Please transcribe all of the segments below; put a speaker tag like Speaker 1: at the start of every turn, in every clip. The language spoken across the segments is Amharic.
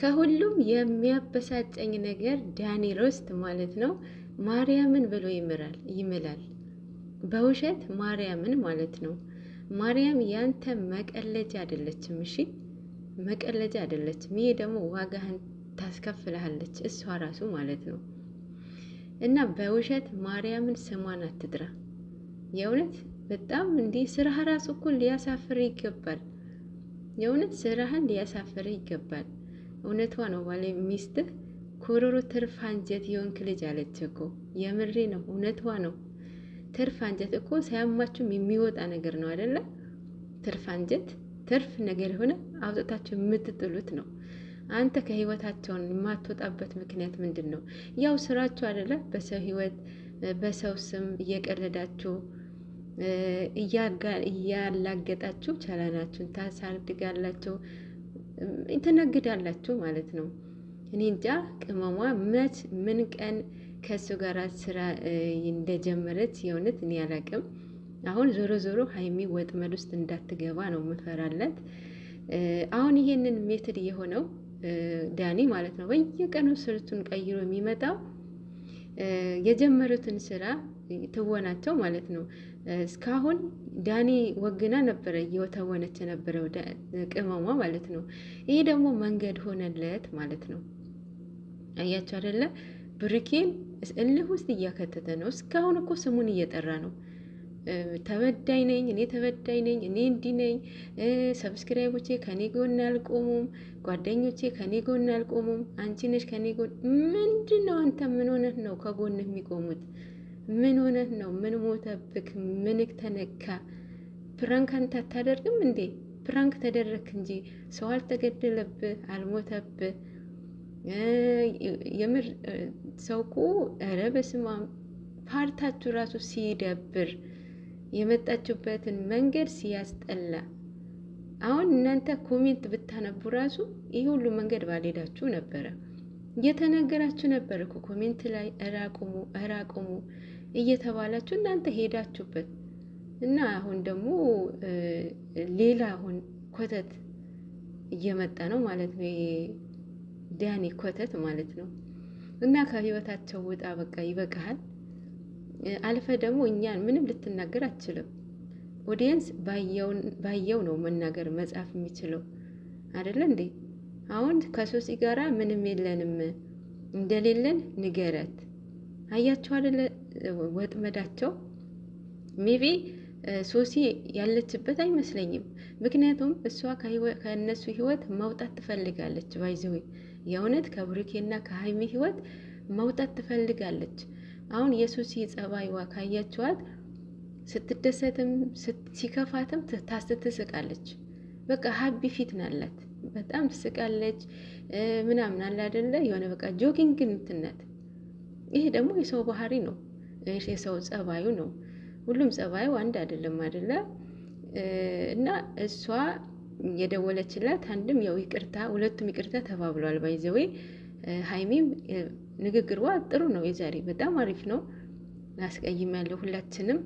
Speaker 1: ከሁሉም የሚያበሳጨኝ ነገር ዳኒ ሮስት ማለት ነው ማርያምን ብሎ ይምራል ይምላል። በውሸት ማርያምን ማለት ነው። ማርያም ያንተ መቀለጃ አይደለችም። እሺ መቀለጃ አይደለችም። ይሄ ደግሞ ዋጋህን ታስከፍልሃለች እሷ ራሱ ማለት ነው። እና በውሸት ማርያምን ስሟን አትጥራ። የእውነት በጣም እንዲህ ስራህ ራሱ እኮ ሊያሳፍር ይገባል። የእውነት ስራህን ሊያሳፍር ይገባል። እውነቷ ነው ባሌ ሚስት ኮሮሮ ትርፍ አንጀት የሆንክ ልጅ አለች እኮ። የምሬ ነው፣ እውነቷ ነው። ትርፍ አንጀት እኮ ሳያማችሁም የሚወጣ ነገር ነው አይደለ? ትርፍ አንጀት ትርፍ ነገር የሆነ አውጥታችሁ የምትጥሉት ነው። አንተ ከህይወታቸውን የማትወጣበት ምክንያት ምንድን ነው? ያው ስራችሁ አይደለ? በሰው ህይወት በሰው ስም እየቀለዳችሁ እያላገጣችሁ ቻላናችሁን ታሳድጋላችሁ። ትነግዳላችሁ ማለት ነው። እኔ እንጃ ቅመሟ መች ምን ቀን ከእሱ ጋር ስራ እንደጀመረች የእውነት እኔ አላቅም። አሁን ዞሮ ዞሮ ሀይሚ ወጥመድ ውስጥ እንዳትገባ ነው ምፈራላት። አሁን ይሄንን ሜትድ የሆነው ዳኒ ማለት ነው በየቀኑ ስልቱን ቀይሮ የሚመጣው የጀመሩትን ስራ ትወናቸው ማለት ነው እስካሁን ዳኒ ወግና ነበረ እየተወነች ነበረው ቅመሟ ማለት ነው። ይሄ ደግሞ መንገድ ሆነለት ማለት ነው። አያቸው አይደለ ብሩኬን እልህ ውስጥ እያከተተ ነው። እስካሁን እኮ ስሙን እየጠራ ነው። ተበዳይ ነኝ እኔ ተበዳይ ነኝ እኔ እንዲህ ነኝ፣ ሰብስክራይቦቼ ከኔ ጎን አልቆሙም፣ ጓደኞቼ ከኔ ጎን አልቆሙም፣ አንቺ ነሽ ከኔ ጎን። ምንድን ነው አንተ ምን ሆነህ ነው ከጎንህ የሚቆሙት? ምን ሆነህ ነው? ምን ሞተብክ? ምንክ ተነካ? ፕራንክ አንተ አታደርግም እንዴ? ፕራንክ ተደረክ እንጂ ሰው አልተገደለብህ፣ አልሞተብህ። የምር ሰው እኮ ኧረ በስመ አብ ፓርታችሁ ራሱ ሲደብር የመጣችሁበትን መንገድ ሲያስጠላ አሁን እናንተ ኮሜንት ብታነቡ ራሱ ይህ ሁሉ መንገድ ባልሄዳችሁ ነበረ። እየተነገራችሁ ነበር እኮ ኮሜንት ላይ እራቁሙ እራቁሙ እየተባላችሁ እናንተ ሄዳችሁበት እና አሁን ደግሞ ሌላ አሁን ኮተት እየመጣ ነው ማለት ነው። ዳኒ ኮተት ማለት ነው። እና ከህይወታቸው ውጣ፣ በቃ ይበቃሃል። አልፈ ደግሞ እኛን ምንም ልትናገር አትችልም። ኦዲየንስ ባየው ነው መናገር መጻፍ የሚችለው አይደለ እንዴ? አሁን ከሶሲ ጋራ ምንም የለንም እንደሌለን ንገረት። አያቸው አይደለ ወጥመዳቸው። ሜቢ ሶሲ ያለችበት አይመስለኝም። ምክንያቱም እሷ ከእነሱ ህይወት መውጣት ትፈልጋለች። ባይዘዌ የእውነት ከብሩኬና ከሀይሚ ህይወት መውጣት ትፈልጋለች። አሁን የሱሲ ጸባይዋ ካያችኋት ስትደሰትም ሲከፋትም ታስትስቃለች። በቃ ሀቢ ፊት ናላት። በጣም ትስቃለች ምናምን አለ አይደለ? የሆነ በቃ ጆጊንግ እንትነት። ይሄ ደግሞ የሰው ባህሪ ነው፣ የሰው ጸባዩ ነው። ሁሉም ጸባዩ አንድ አይደለም አይደለ? እና እሷ የደወለችላት አንድም ያው ይቅርታ፣ ሁለቱም ይቅርታ ተባብሏል። ባይዘዌ ሀይሚም ንግግሯ ጥሩ ነው፣ የዛሬ በጣም አሪፍ ነው። አስቀይም ያለው ሁላችንም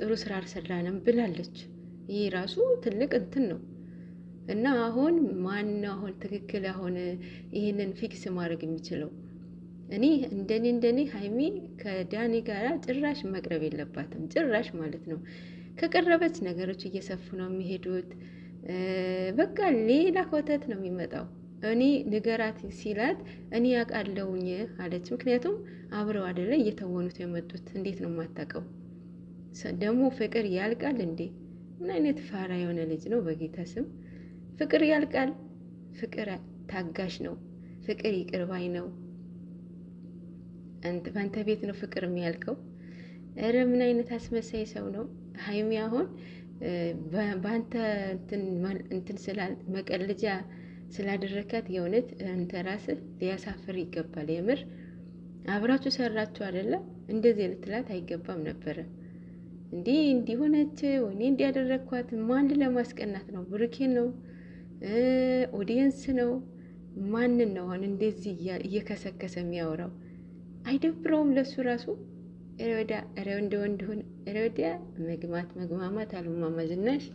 Speaker 1: ጥሩ ስራ አልሰራንም ብላለች። ይህ ራሱ ትልቅ እንትን ነው። እና አሁን ማን አሁን ትክክል አሁን ይህንን ፊክስ ማድረግ የሚችለው እኔ እንደኔ እንደኔ ሀይሚ ከዳኒ ጋር ጭራሽ መቅረብ የለባትም ጭራሽ ማለት ነው። ከቀረበች ነገሮች እየሰፉ ነው የሚሄዱት። በቃ ሌላ ኮተት ነው የሚመጣው። እኔ ንገራት ሲላት እኔ ያውቃለውኝ አለች። ምክንያቱም አብረው አደለ እየተወኑት የመጡት እንዴት ነው የማታውቀው? ደግሞ ፍቅር ያልቃል እንዴ? ምን አይነት ፋራ የሆነ ልጅ ነው በጌታ ስም። ፍቅር ያልቃል። ፍቅር ታጋሽ ነው። ፍቅር ይቅርባይ ነው። ነው። ባንተ ቤት ነው ፍቅር የሚያልቀው። እረ ምን አይነት አስመሳይ ሰው ነው ሀይሚ። አሁን በአንተ እንትን ስላል መቀለጃ ስላደረካት የእውነት አንተ ራስህ ሊያሳፍር ይገባል። የምር አብራችሁ ሰራችሁ አይደለም እንደዚህ ልትላት አይገባም ነበረ። እንዲህ እንዲሆነች ወይኔ እንዲያደረግኳት ማን ለማስቀናት ነው? ብሩኬን ነው ኦዲየንስ ነው ማንን ነው አሁን እንደዚህ እየከሰከሰ የሚያወራው? አይደብረውም ለሱ ራሱ ረወዳ ረወንደ ወንድሁን ሆነ መግማት መግማማት አሉ ማማዝናሽ